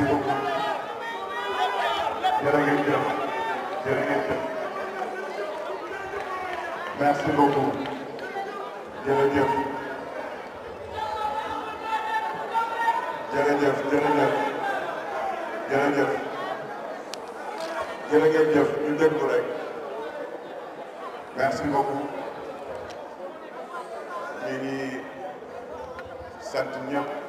merci beaucoup jërë ngeen jëf jërë ngeen jëf merci beaucoup jërëjëf jërëjëf jërëjëf jërëjëf jërë ngeen jëf ñu déglu rek merci beaucoup ñu ngi sant ñëpp.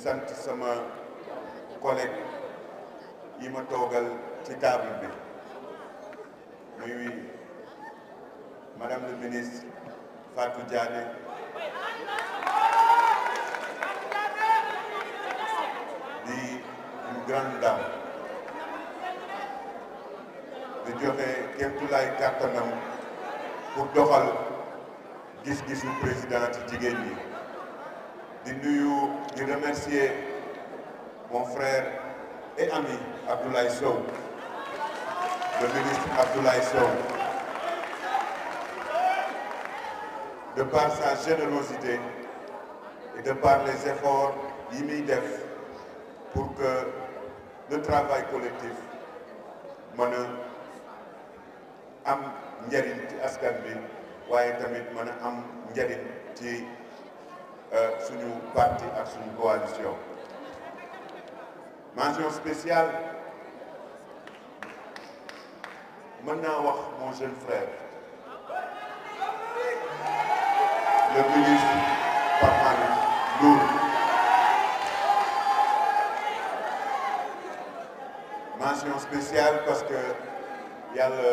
sant sama collègue yi ma toogal ci table bi muy madame le ministre Fatou Diané di une grande dame di joxe kéemtulaay kàttanam pour doxal gis-gisu président ci jigéen ñi di nuyu di remercier mon frère et ami Abdoulaye Sow le ministre Abdoulaye Sow de par sa générosité et de par les efforts yi muy def pour que le travail collectif mën am njariñ ci askan bi waaye tamit mën am njariñ ci Euh, suñu parti ak suñu coalition mention spéciale mën naa wax mon jeune frère le ministre Pamane Ndour mention spéciale parce que yàlla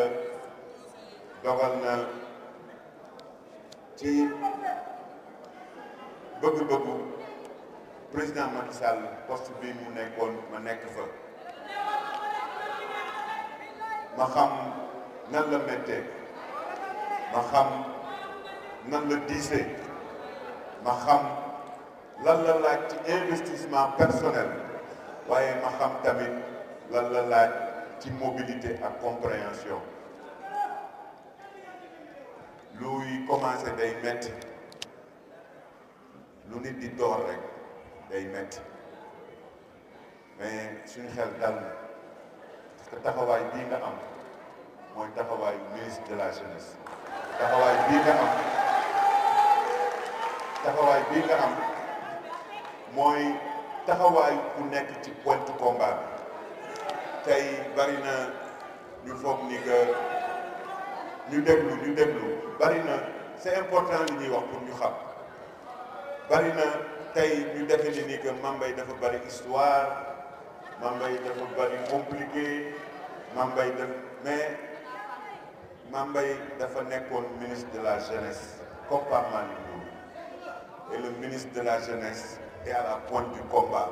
dogal na ci bëgg-bëggu président Macky Sall poste bi mu nekkoon ma nekk fa ma xam nan la méttee ma xam nan la diisee ma xam lan la ci investissement personnel waaye ma xam tamit lan la laaj ci mobilité ak compréhension luy commencé day metti lu nit di door rek day metti mais suñu xel dal na parce que taxawaay bii nga am mooy taxawaayu ministre de la jeunesse taxawaay bii nga am mooy taxawaay ku nekk ci pointe combat bi tey bari na ñu foog ni que ñu déglu ñu déglu bari na c'est important li ñuy wax pour ñu xam bari na tey ñu defe ne ni que Mambay dafa bari histoire Mambay dafa bari compliqué Mambay def mais Mambay dafa nekkoon ministre de la jeunesse comme Pape Malick et le ministre de la jeunesse est à la pointe du combat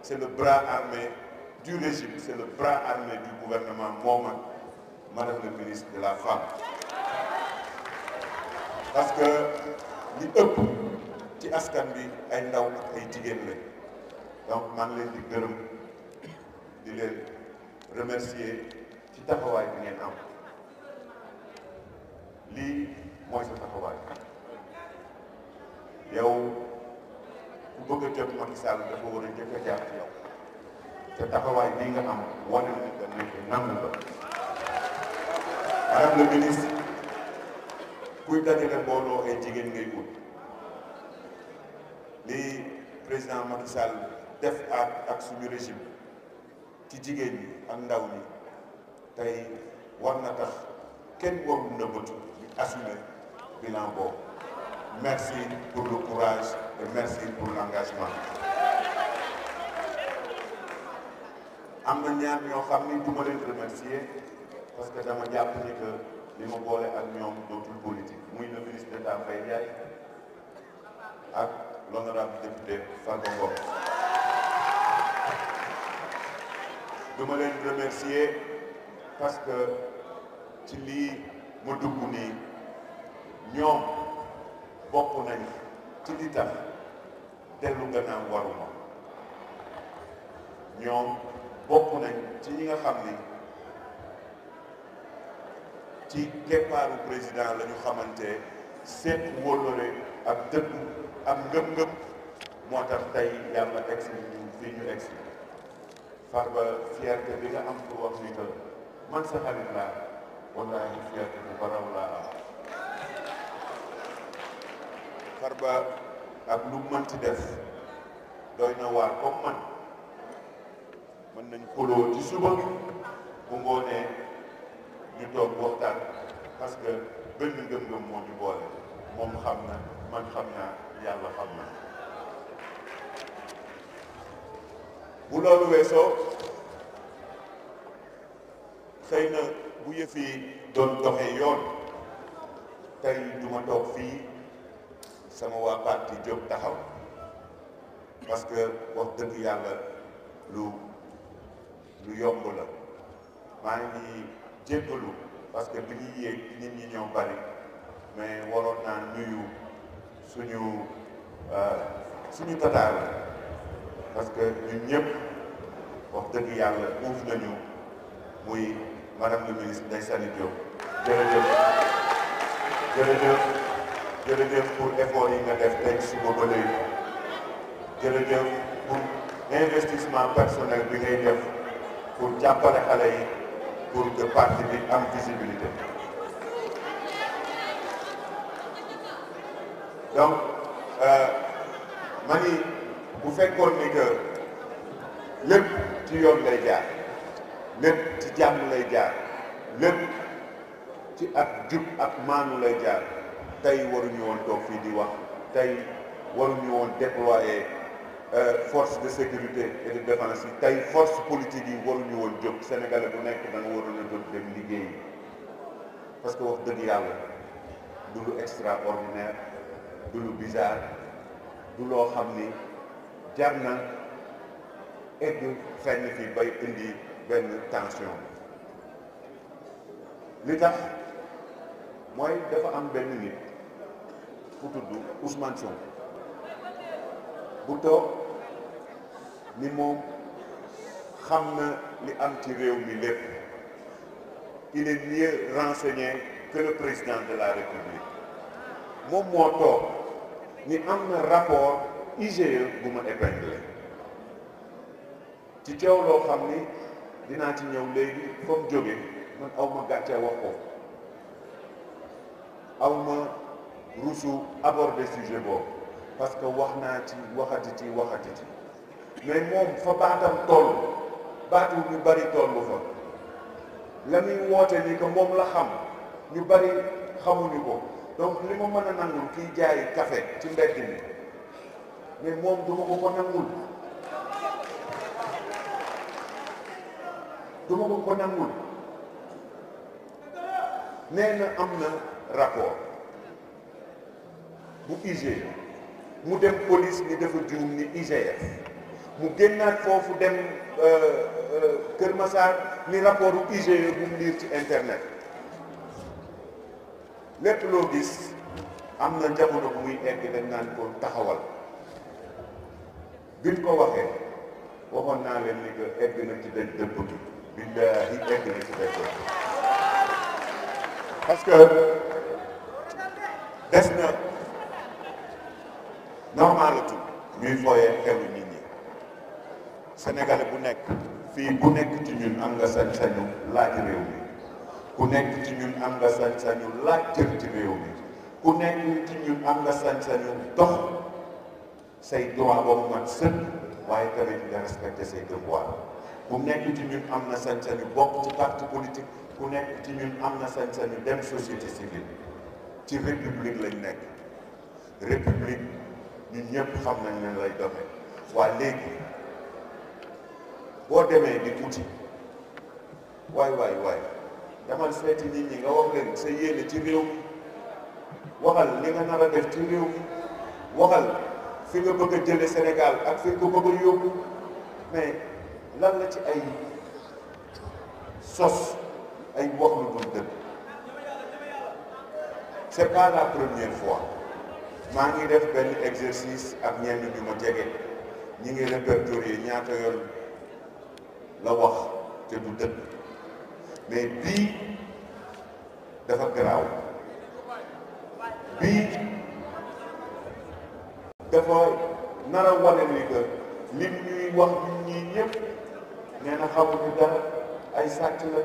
c'est le bras armé du régime c'est le bras armé du gouvernement moom ak madame le ministre de la femme parce li ëpp ci askan bi ay ndaw ak ay jigéen lañ donc maa ngi leen di gërëm di leen remercier ci taxawaay bi ngeen am lii mooy sa taxawaay yow ku bëgg a jot Macky Sall dafa war a njëkk jaar ci yow te taxawaay bii nga am wane na nga nekk nangu la madame le ministre kuy dajale mbooloo ay jigéen ngay ut li président Macky Sall def ak suñu régime ci jigéen ñi ak ndaw ñi tey war na tax kenn warul nëbbatu ñu assumer bilan boobu merci pour le courage et merci pour l'engagement am na ñaar ñoo xam ni du ma leen remercier parce que dama jàpp ni que li ma boole ak ñoom dootul politique muy le ministre d'État Mbaye Ndiaye ak l'honorable député Farba Ngom dama leen remercier parce ci lii ma dugg nii ñoom bokk nañ ci li tax dellu gannaaw waruma ñoom bokk nañ ci ñi nga xam ni ci keppaaru président la ñu xamante seet wóllëre ak dëgg am ngëm-ngëm moo tax tey yàlla egsi ñu fi ñu egsi Farba fierté bi nga am pour wax ni que man sa xarit laa wallaahi fierté bu baraw ak lu mënti def doy na waar comme man mën nañ xuloo ci suba bu ngoonee ñu toog waxtaan parce que benn ngëm-ngëm moo ñu boole moom xam na man xam naa yàlla xam na bu loolu weesoo xëy na bu yëf doon doxee yoon tey du ma fii sama waa parti jóg taxaw parce que wax dëgg yàlla lu lu yomb la maa ngi jéggalu parce que ñuy yéeg nit ñi ñoo bari mais waroon naa nuyu suñu euh, suñu tataar parce que ñun ñëpp wax dëgg yàlla uuf nañu muy madame le ministre Ndeye Saly Diop jërëjëf jërëjëf jërëjëf pour effort yi nga def tey suba ba léegi jërëjëf pour investissement personnel bi ngay def pour jàppale xale yi pour que parti bi am visibilité donc ma ni bu fekkoon ni que lépp ci yoon lay jaar lépp ci jàmm lay jaar lépp ci ak jub ak maanu lay jaar tey waruñu woon toog fii di wax tey waruñu woon déployer euh, force de sécurité et de défense yi tey force politique yi waruñu woon jóg Sénégalais bu nekk da nga waroon a jóg dem liggéey parce que wax dëgg yàlla du lu extraordinaire du lu bizarre du loo xam ni jar na egg fenn fi bay indi benn tension li tax mooy dafa am benn nit ku tudd Ousmane bu toog ni moom xam na li am ci réew mi lépp il est mieux renseigné que le président de la République moom moo toog ni am na rapport IGE bu ma épinglé ci teew loo xam ni dinaa ci ñëw léegi fa jóge man aw ma gàcce wax ko aw rusu aborder sujet boobu parce que wax naa ci waxati ci waxati ci mais moom fa baatam toll baatu ñu bari tollu fa la muy woote ni que moom la xam ñu bari xamuñu ko donc li ma mën a nangul kiy jaay kafe ci mbedd mi mais moom duma ko ko nangul duma ko ko nangul nee am na rapport bu IGE mu dem police ni dafa juum ni IGF e mu génnaat foofu dem euh, euh, Kër Massar ni rapport bu IGE bu mu liir ci internet lépp gis am na jamono bu muy egg dañ naan ko taxawal biñ ko waxee waxoon naa leen ni que egg na ci dañ dëpp bi billaahi egg que des na normalatul ñuy fooyee xelu nit ñi sénégalais bu nekk fii bu nekk ci ñun am nga sañ-sañu laaj réew mi ku nekk ci ñun am nga sañ-sañu laaj cër ci réew mi ku nekk ci ñun am nga sañ-sañu dox say droit waaye ku nekk ci ñun am na sañ-sañu bokk ci parti politique ku nekk ci ñun am na sañ-sañu dem société civile ci république lañ nekk république ñun ñëpp xam nañ ne lay doxee waa léegi boo demee di tuuti waay waay waay demal seeti nit ñi nga wax leen sa yéene ci réew mi waxal li nga nar a def ci réew mi waxal fi nga bëgg a jële Sénégal ak fi nga bëgg a yóbbu mais lan la ci ay sos ay wax lu dul dëgg c'est pas la première fois maa ngi def benn exercice ak ñenn ñu ma jege ñi ngi répertorier ñaata yoon la wax te du dëgg mais bii dafa garaaw bii dafa nar a wane ni que ñuy wax ñun ñii ñëpp nee na xamuñu dara ay sàcc la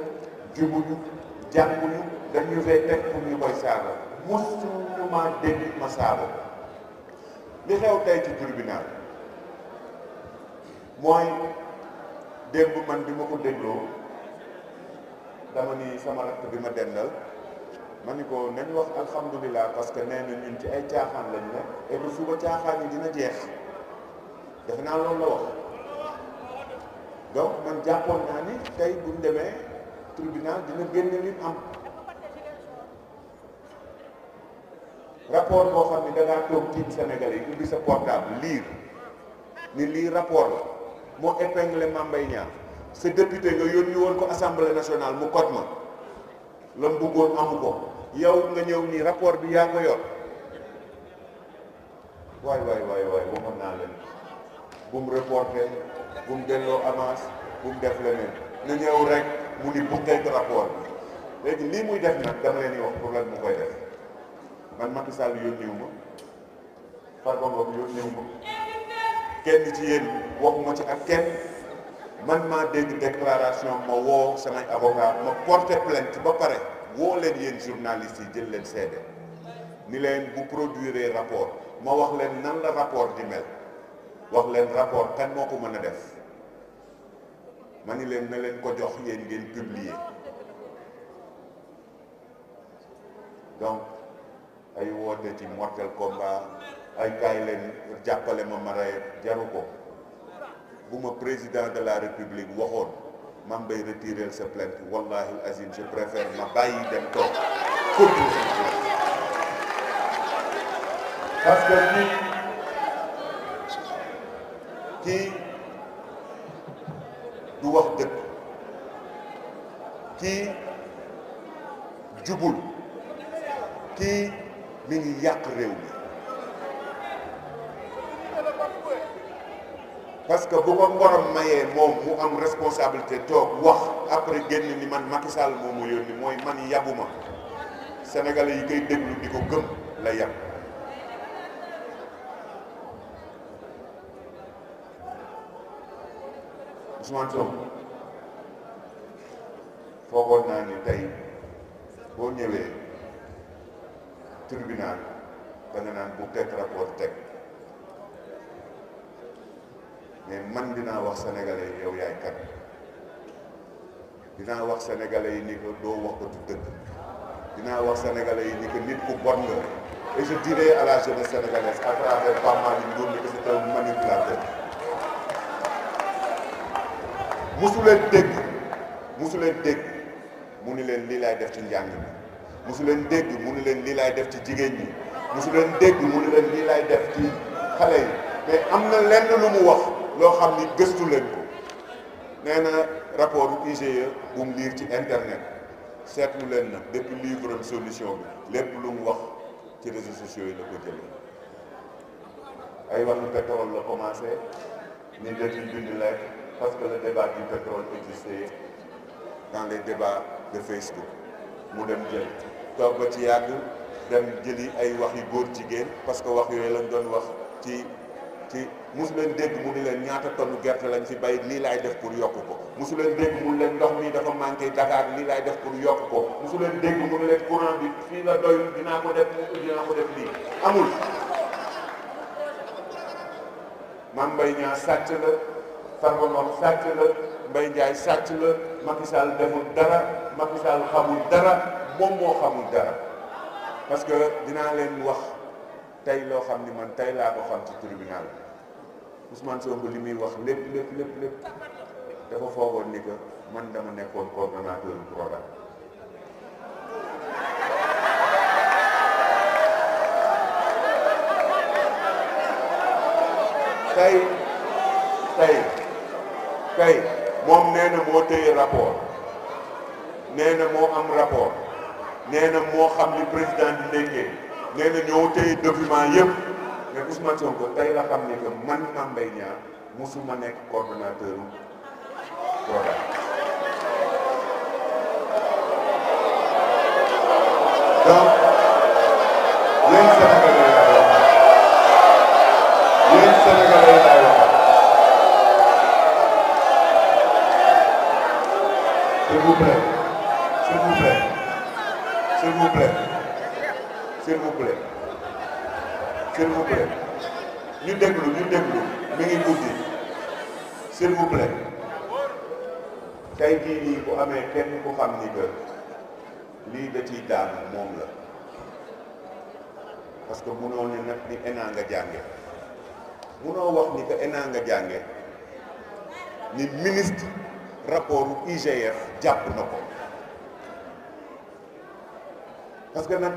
jubuñu jànguñu dañu fay teg pour ñu koy saaga mosuñu maa dégg ma saaga li xew tey ci tribunal mooy démb man bi ma ko dégloo dama ni sama rakk bi ma dendal ma ni wax alhamdulilah parce que nee na ñun ci ay caaxaan lañ ne et bu suba caaxaan yi dina jeex defe naa loolu la wax donc man jàppoon naa ni tey buñ demee tribunal dina génne li am rapport boo xam ne da ngaa toog tiim Sénégal yi ubbi sa portable lire ni lii rapport la moo épinglé Mame Mbaye Niang sa député nga yónni woon ko assemblée nationale mu kot ma la mu bëggoon amu ko yow nga ñëw nii rapport bi yaa ko yor waay waay waay waay waxoon naa leen bu mu reporté bu mu delloo avance bu def leneen na ñëw rek mu ni bu teg rapport bi léegi lii muy def nag dama leen di wax problème mu koy def man Macky Sall yónniwu ma Farba Ngom yónniwu ma kenn ci yéen waxuma ci ak kenn man maa dégg déclaration ma woo samay avocat ma porté plainte ba pare woo leen yéen journalistes yi jël leen seede ni leen bu produire rapport ma wax leen nan la rapport di mel wax leen rapport kan moo ko mën a def ma ni leen na leen ko jox yéen ngeen publier donc ay woote ci mortel combat ay kaay leen jàppale ma ma rey jaru ko bu ma président de la république waxoon man bay retirer sa wallahi azim je préfère ma bàyyi dem toog continue parce que kii kii du wax dëgg kii jubul kii mi ngi yàq parce que bu ko borom mayee moom mu am responsabilité toog wax après génn ni man Macky Sall moom mu yónni mooy man yabuma sénégalais yi koy déglu di ko gëm la yab Ousmane Sonko foogoon naa ni tey boo ñëwee tribunal da naan bu teg rapport teg mais man dinaa wax sénégalais yi yow yaay kan dinaa wax sénégalais yi ni ko doo wax ko du dëgg dinaa wax sénégalais yi ni ko nit ku bon nga et je dirai à la jeunesse sénégalaise à travers Pape Malick Ndour ni que c'est un manipulateur musu leen musu leen dégg mu ni leen lii laay def ci njàng mi musu leen dégg mu ni leen lii laay def ci jigéen ñi musu leen dégg mu ni leen lii laay def ci xale yi mais am na lenn lu mu wax loo xam ni gëstu leen ko nee na rapport bu IGE bu mu liir ci internet seetlu leen nag depuis livre solution bi lépp lu mu wax ci réseaux sociaux yi la ko jëlee ay wax ni pétrole la commencé ni dañuy bind lekk parce que le débat du pétrole existait dans les débats de Facebook mu dem jël toog ba ci yàgg dem jëli ay wax yu góor jigéen parce que wax yooyu lañ doon wax ci ci musu leen dégg mu ni leen ñaata tonne gerte lañ fi bay lii laay def pour yokk ko musu leen dégg mu leen ndox mi dafa manqué Dakar lii laay def pour yokk ko musu leen dégg mu leen courant bi fii la doy dinaa ko def ko def lii amul Mame Mbaye Niang sàcc la Farba sàcc la Mbaye Ndiaye sàcc la Macky Sall deful dara Macky xamul dara moom moo xamul dara parce que dinaa leen wax tey loo xam ni man tey laa ko xam ci tribunal Ousmane Sonko li wax lépp lépp lépp nekkoon coordonnateur du programme tey tey tey moom nee na moo téye rapport nee moo am rapport nee moo xam ni président di déggee ñoo téye document yëpp Ousmane Sonko tey la xam ne que man Mame Mbaye Niang musuma nekk coordonnateur u ni ENA nga jànge munoo wax ni que ENA nga jànge ni ministre rapport IGF jàpp na ko parce que nag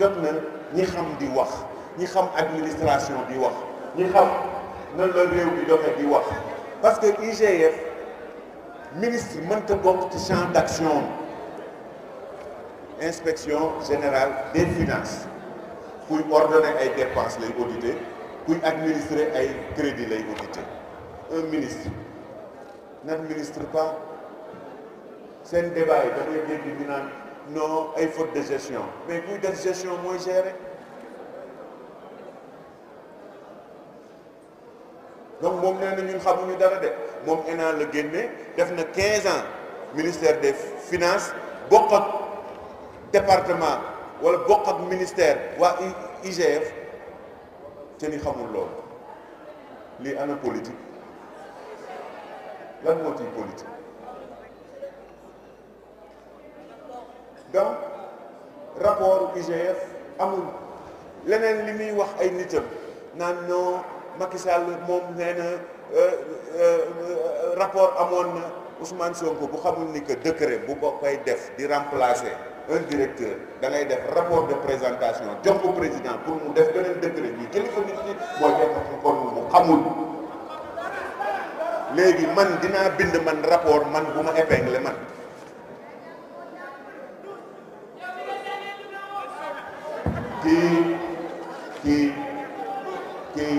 jot na ñi xam di wax ñi xam administration di wax ñi xam nan la réew bi doxe di wax parce que IGF ministre mënta bokk ci champ d'action inspection général des finances kuy ordonner ay dépenses lay auditer kuy administrer ay crédit lay auditer un ministre n'administre pas seen débat yi dafay dégg ñu naan non ay faute de gestion mais kuy def gestion mooy gérer donc moom nee na ñun xamuñu dara de moom ENA la génne def na 15 ans ministère des finances bokk ak wala bokk ak ministère waa IGF te ni xamul loolu lii ana politique lan moo ciy politique donc rapport IGF amul leneen li muy wax ay nitam naan non Macky Sall moom nee na euh, euh, rapport amoon na Ousmane Sonko bu xamul ni que décret bu ko koy def di remplacer. un directeur da def rapport de présentation jox président pour mu def beneen décret bi jël ko nit ñi mooy fekk kon mu xamul léegi man dinaa bind man rapport man bu ma épinglé man kii kii kii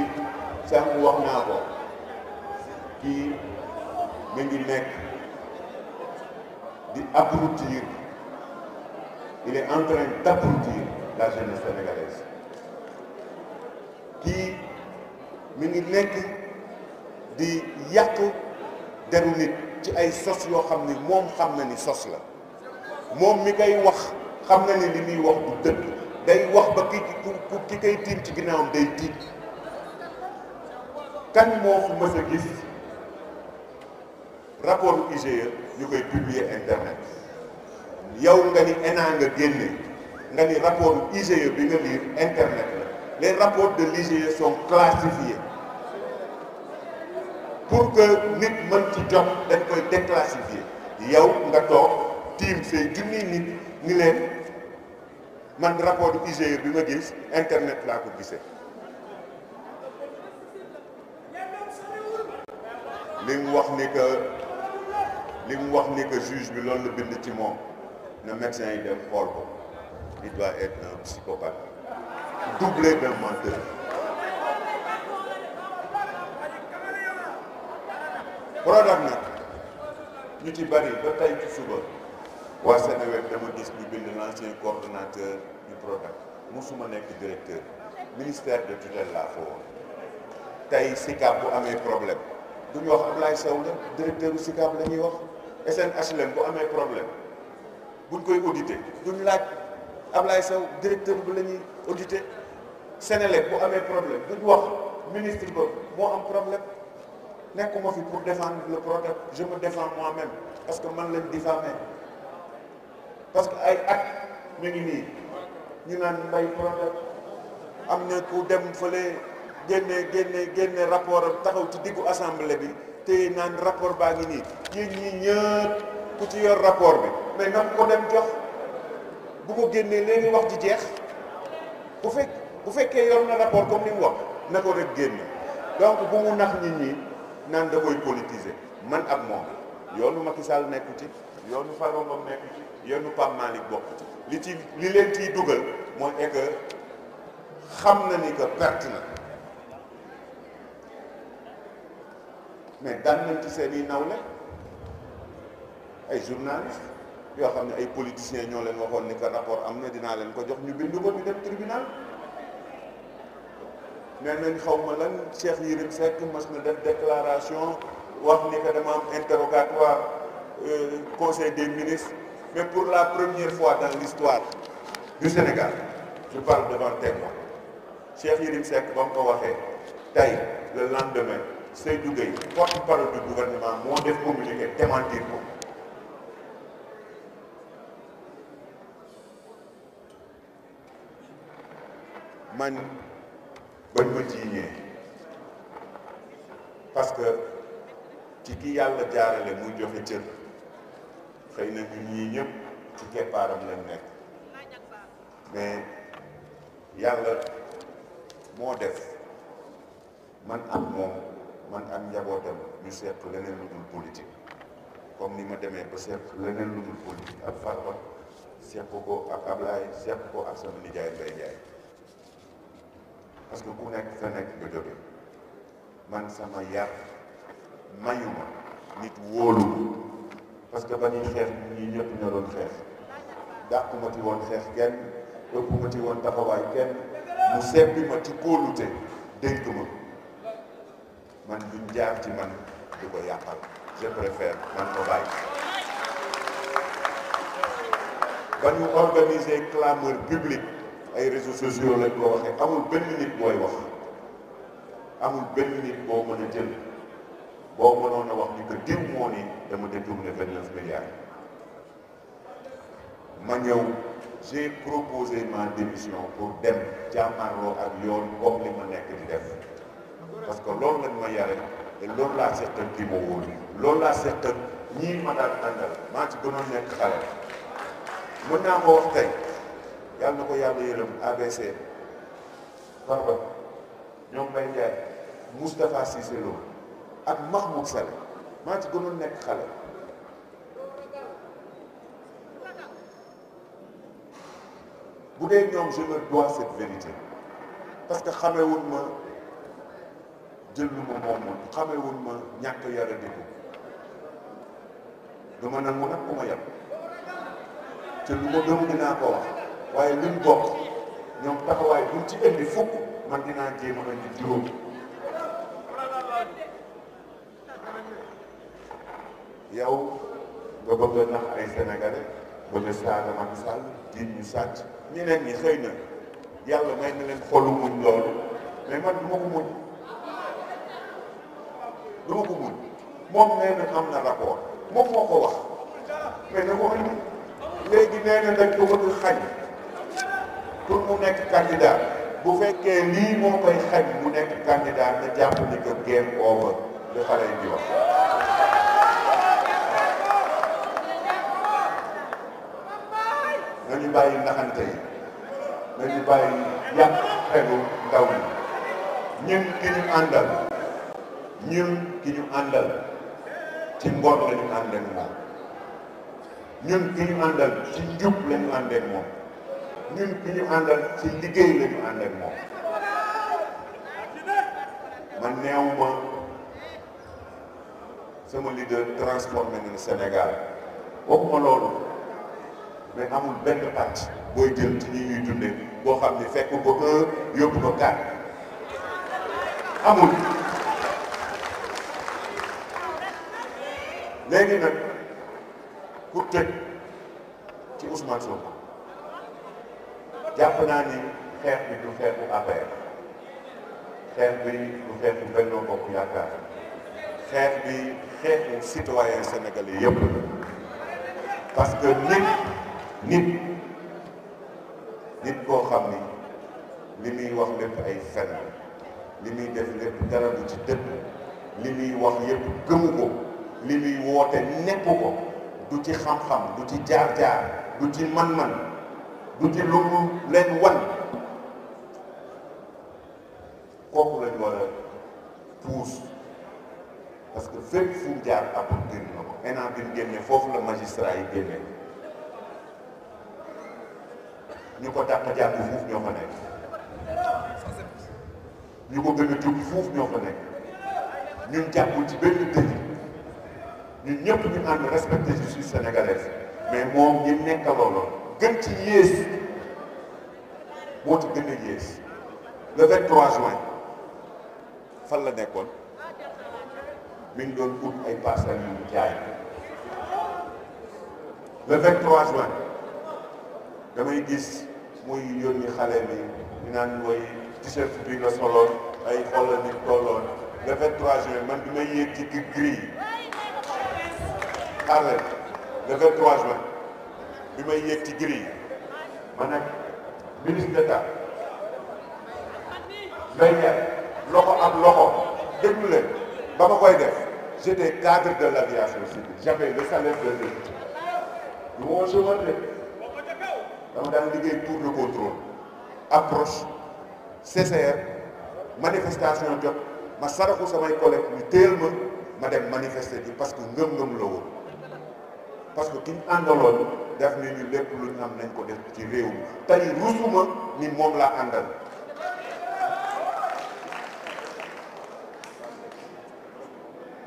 sànq wax naa ko kii mi ngi nekk di abruti d'applaudir la jeunesse sénégalaise kii mi ngi nekk di yàq deru nit ci ay sos yoo xam ni moom xam na ni sos la moom mi koy wax xam na ni li muy wax du dëgg day wax ba ki ku ki koy tiim ci ginnaawam day tiit kan moo fi mës a gis rapport IGE ñu koy publier internet yow nga ni ENA nga génne nga ni rapport IGE bi nga lire internet la les rapports de l'IGE sont classifiés pour que nit mën ci jot dañ koy déclassifier yow nga toog tiim say junniy nit ni leen man rapport IGE bi nga gis internet laa ko gisee li mu wax ni que mu wax ni que juge bi loolu la bind ci moom na médecin yi dem xool ko il doit être un psychopathe, ñu ci bari ba tey ci suba waa Seneweb dama gis ñu bind l'ancien coordonnateur du Prodac musuma nekk directeur ministère de tutelle laa fa woon tey SICAP bu amee problème du ñu wax Ablaye Sow la directeur bu lañuy la ñuy wax SNHLM bu amee problème buñ koy audité duñ laaj Ablaye Sow directeur bu la ñuy audité Sénélec bu amee problème duñ wax ministre ba moo am problème nekkuma fi pour défendre le projet je me défends moi-même parce que man lañ diffamé parce que ay at ñu ngi nii ñu naan mbay projet am na ku dem fële génne génne génne rapport ak taxaw ci diggu assemblée bi te naan rapport baa ngi nii yéen ñii ñëpp ku ci yor rapport bi mais na ko dem jox. bu ko génnee léegi wax ji jeex bu fekk bu fekkee yor na rapport comme ni mu wax na ko rek génne donc bu mu nax nit ñi naan da koy politiser man ak moom yoonu Macky Sall nekku ci yoonu Farba Ngom nekku ci yoonu Pape Malick bokk li ci li leen ciy dugal mooy est que xam na ni que perte na mais daan nañ ci seeni i nawle ay journaliste yoo xam ne ay politiciens ñoo leen waxoon ni que rapport am na dinaa leen ko jox ñu bind ko bi dem tribunal nee nañ xaw ma lan Cheikh Yérim Seck mas na def déclaration wax ni que dama am interrogatoire euh, conseil des ministres mais pour la première fois dans l'histoire du Sénégal je parle devant témoin Cheikh Yérim Seck ba ko waxee tey le lendemain Seydou Gueye porte-parole du gouvernement moo def communiqué démentir ko man bañ ma jiiñee parce que ci ki yàlla jaarale muy joxe cër xëy na ñun ñii ñëpp ci keppaaram lañ nekk mais yàlla moo def man am moom man ak njabootam ñu seq leneen lu dul politique comme ni ma demee ba seq leneen lu dul politique ak Farba seq ko ak Ablaye seq ko ak sama nijaay Mbaye Ndiaye parce que ku nekk fa nekk nga jóge man sama yar mayuma nit wóolu parce que ba ñuy xeex ñi ñëpp ñoo doon xeex dàqu ma ci woon xeex kenn ëpp ci woon taxawaay kenn mu seppi ma ci kóolute dénk ma man duñ jaar ci man di ko yàqal je préfère man ko bàyyi ba ñu organiser clameur publique ay réseaux sociaux lañ ko waxee amul benn nit booy wax amul benn nit boo mën a jël boo mënoon wax ni que diw moo ni dama détourné vingt neuf milliards ma ñëw j'ai proposé ma démission pour dem jàmmarloo ak yoon comme li ma nekk di def parce que loolu lañ ma yare te loolu laa seqal kii ma loolu laa seqal ñii ma daan àndal maa ci gënoon nekk xale mën naa ko wax tey yàlla ko yàlla yërëm ABC Farba ñoom Mbaye Ndiaye Moustapha ak Mahmoud Saleh maa ci gënoon nekk xale bu dee ñoom je me dois cette vérité parce que xamewun ma jël lu ma moom xamewun ma ñàkk yara diku dama nangu nag ku ma yàpp lu ma doomu dinaa ko wax waaye ñun bokk ñoom taxawaay buñ ci indi fukk man dinaa jéem a indi juróom yow nga bëgg a nax ay sénégalais bëgg a saaga Macky Sall jiit ñu sàcc ñeneen ñi xëy na yàlla may na leen xolu muñ loolu mais man du ko muñ du ko muñ moom nee na am na rapport moom moo ko wax mais na ko indi léegi nee na dañ ko bëgg xañ pour mu nekk candidat bu fekkee lii moo koy xañ mu nekk candidat na jàpp ni que game over li xale yi di wax nañu bàyyi naxante yi nañu bàyyi yàq xelu ndaw yi ñun ki ñu àndal ñun ki ñu àndal ci ngor la ñu moom ñun ki ñu àndal ci njub la ñu moom ñun ki ñu àndal ci liggéey la ñu moom man neewuma sama leader transformé na Sénégal waxuma loolu mais amul benn pàcc booy jël ci ñuy dundee boo xam ne fekk ko un yóbbu ko quatre amul léegi nag pour tëj ci Ousmane Sonko jàpp naa ni xeex bi du xeexu affaire xeex bi du xeexu Benno Bokk Yaakaar xeex bi xeexu citoyen sénégalais yëpp parce que nit nit koo xam ni li muy wax lépp ay fen li muy def lépp dara du ci dëkk li muy wax yëpp gëmu ko li muy woote nekk ko du ci xam-xam du ci jaar-jaar du ci man-man du ci lu mu leen wan kooku lañ war puus parce que fépp fu jaar àppul génn na ko ENA bi génne foofu la magistrat yi génne ñu ko dàq jàpp fuuf ñoo fa nekk ñu ko gën a fuuf ñoo fa nekk ñun jàppul ci benn dëkk ñun ñëpp ñu ànd respecté justice sénégalaise mais moom ñi nekk loolu gën ci yées moo ci gën a yées le 23 juin fan la nekkoon mi doon ut ay parcelles yu jaay le 23 juin damay gis muy yónni xale bi ñu naan mooy t-shirt bi nga soloon ay xolla nit tolloon le 23 juin man bi may yéeg ci gri gri yi xaar leen le 23 juin bi may yéeg ci giri yi ma nekk ministre d'État may ñaar loxo ak loxo déglu leen ba ma koy def j'étais cadre de l'aviation civile j'avais le salaire de l'État du ma woon chômeur de dama daan liggéey tour de contrôle approche CCR manifestation jot ma saraxu samay collègues ñu téel ma ma dem manifester bi parce que ngëm-ngëm la woon parce que ki ñu daf ne ñu lépp lu ñu am nañ ko def ci réew mi tey rusuma ni moom laa àndal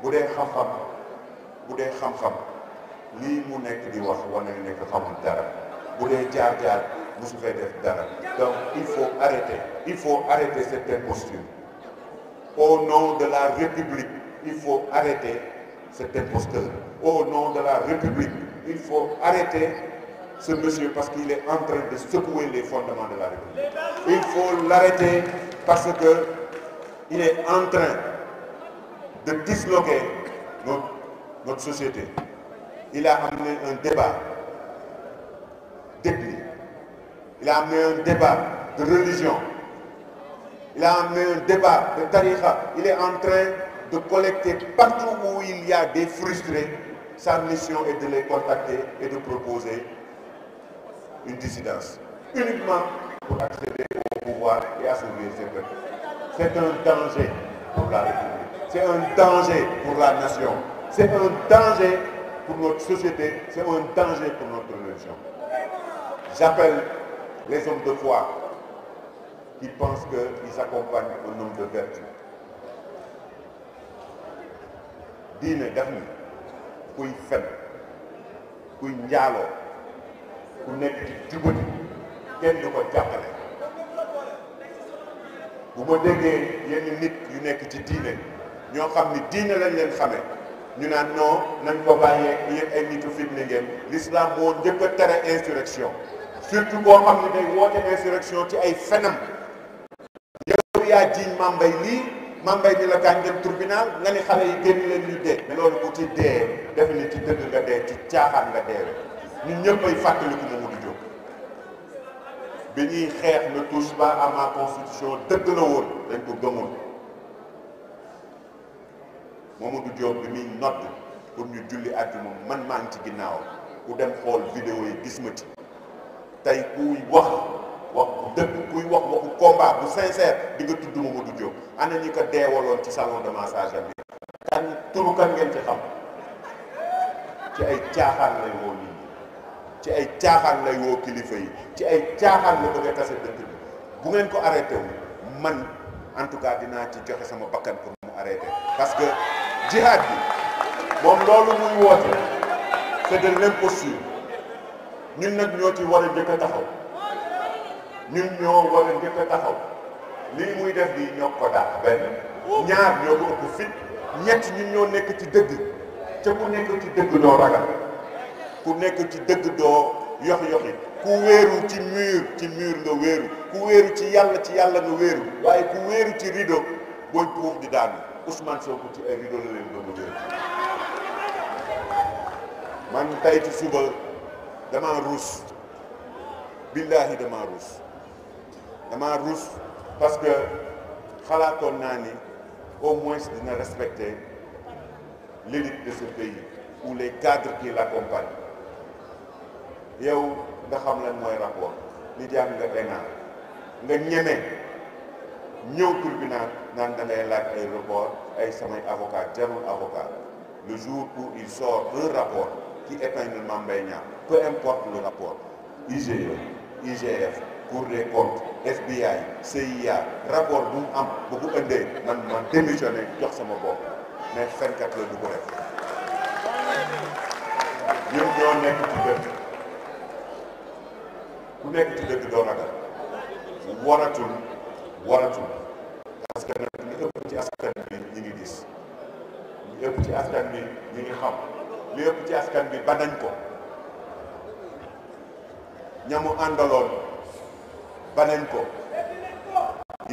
bu dee xam-xam bu dee xam-xam lii mu nekk di wax wane ne nekk xamul dara bu dee jaar-jaar musu fee def dara donc il faut arrêter il faut arrêter cette imposture au nom de la république il faut arrêter cet imposteur au nom de république il faut arrêter ce monsieur parce qu'il est en train de secouer les fondements de la République. Il faut l'arrêter parce que est en train de disloquer notre, notre société. Il a amené un débat d'ethnie. Il a amené un débat de religion. Il a amené un débat de tariqa. Il est en train de collecter partout où il y a des frustrés sa mission est de les contacter et de proposer une dissidence, uniquement pour accéder au pouvoir et assouvir ses C'est un danger pour la République, c'est un danger pour la nation, c'est un danger pour notre société, c'est un danger pour notre religion. J'appelle les hommes de foi qui pensent qu'ils accompagnent un homme de vertu. kuy fen kuy njaaloo ku nekk ci jubati kenn du ko jàppale bu ma déggee yenn nit yu nekk ci diine ñoo xam ni diine lañ leen xamee ñu naan non nañ koo bàyyee yéen ay nitu fitne ngeen l'islam moo njëkk a tere insurrection surtout boo xam ne day woote insurrection ci ay fenam yow yaa jiiñ mambay lii mambay di la gaañ dem tribunal nga ni xale yi génn leen ñu dee mais loolu ci dee def ni ci dëgg nga dee ci caaxaan nga deewe ñun ñëpp ay fàttaliku moomu di jóg bi ñuy xeex ne touche pas à constitution dëgg la woon dañ ko gëmul Mamadou Diop bi muy nodd pour ñu julli àjjuma man maa ngi ci ginnaaw ku dem xool vidéo yi gis ma ci tey kuy wax wax dëgg buy wax waxu combat bu sincère di nga tudd Mamadou Diop ana ñi ko deewaloon ci salon de massage bi kan turu kan ngeen ci xam ci ay caaxaan lay woo nit ci ay caaxaan lay woo kilifa yi ci ay caaxaan la bëgg a tase dëkk bi bu ngeen ko arrêté wu man en tout cas dinaa ci joxe sama bakkan pour mu arrêté parce que jihad bi moom loolu muy woote c'est de l'imposture ñun nag ñoo ci war a jëkk a taxaw ñun ñoo war a njëkk taxaw lii muy def di ñoo ko dàq benn ñaar ñoo ko ëpp fit ñett ñun ñoo nekk ci dëgg te ku nekk ci dëgg doo ragal ku nekk ci dëgg doo yox yoxi ku wéeru ci mur ci mur nga wéeru ku wéeru ci yàlla ci yàlla nga wéeru waaye ku wéeru ci rideau booy puuf di daanu Ousmane Sonko ci ay rideau la leen doon wéeru man tey ci suba dama ruus billaahi dama ruus dama ruus parce que xalaatoon naa ni au moins dina respecter l'élite de ce pays ou les cadres qui l'accompagnent yow nga xam lan mooy rapport li jaam nga denaa nga ñeme ñëw tribunal naan da ngay laaj ay rapport ay samay avocat jarul avocat le jour où il sort un rapport qui épingle Mame Mbaye Niang peu importe le rapport IGE IGF Cour des comptes FBI CIA rapport bu mu am ba bu ëndee man man démissionné jox sama bopp mais fenkat la du ko def ñun nekk ci dëkk ku nekk ci dëkk doo ragal waratul waratul parce que nag li ëpp ci askan bi ñu ngi gis li ëpp ci askan bi ñu ngi xam li ëpp ci askan bi ba nañ ko ñamu àndaloon baneen ko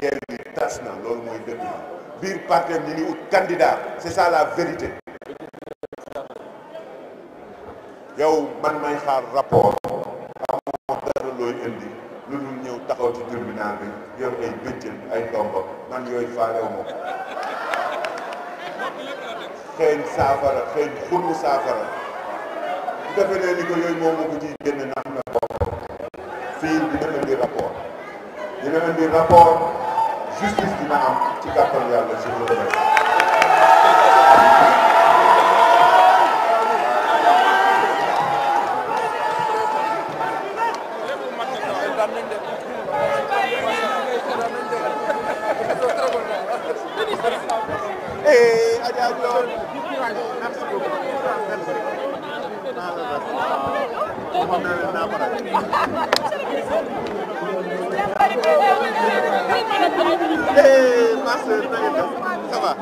yeer bi tas na loolu mooy dëgg biir parti ñu ngi ut candidat c'est ça vérité yow man may xaar rapport amoo dara looy indi lu dul ñëw taxaw ci tribunal bi yor ay bëccëg ay ndomba man yooyu faalew ma ko xëy saafara xëy xurmu saafara bu defee ne ni ko yooyu moom ko ciy génn nax dina indi rapport justice dina am ci kàttan yàlla je vous remercie. Merci beaucoup. ma sœur na nga def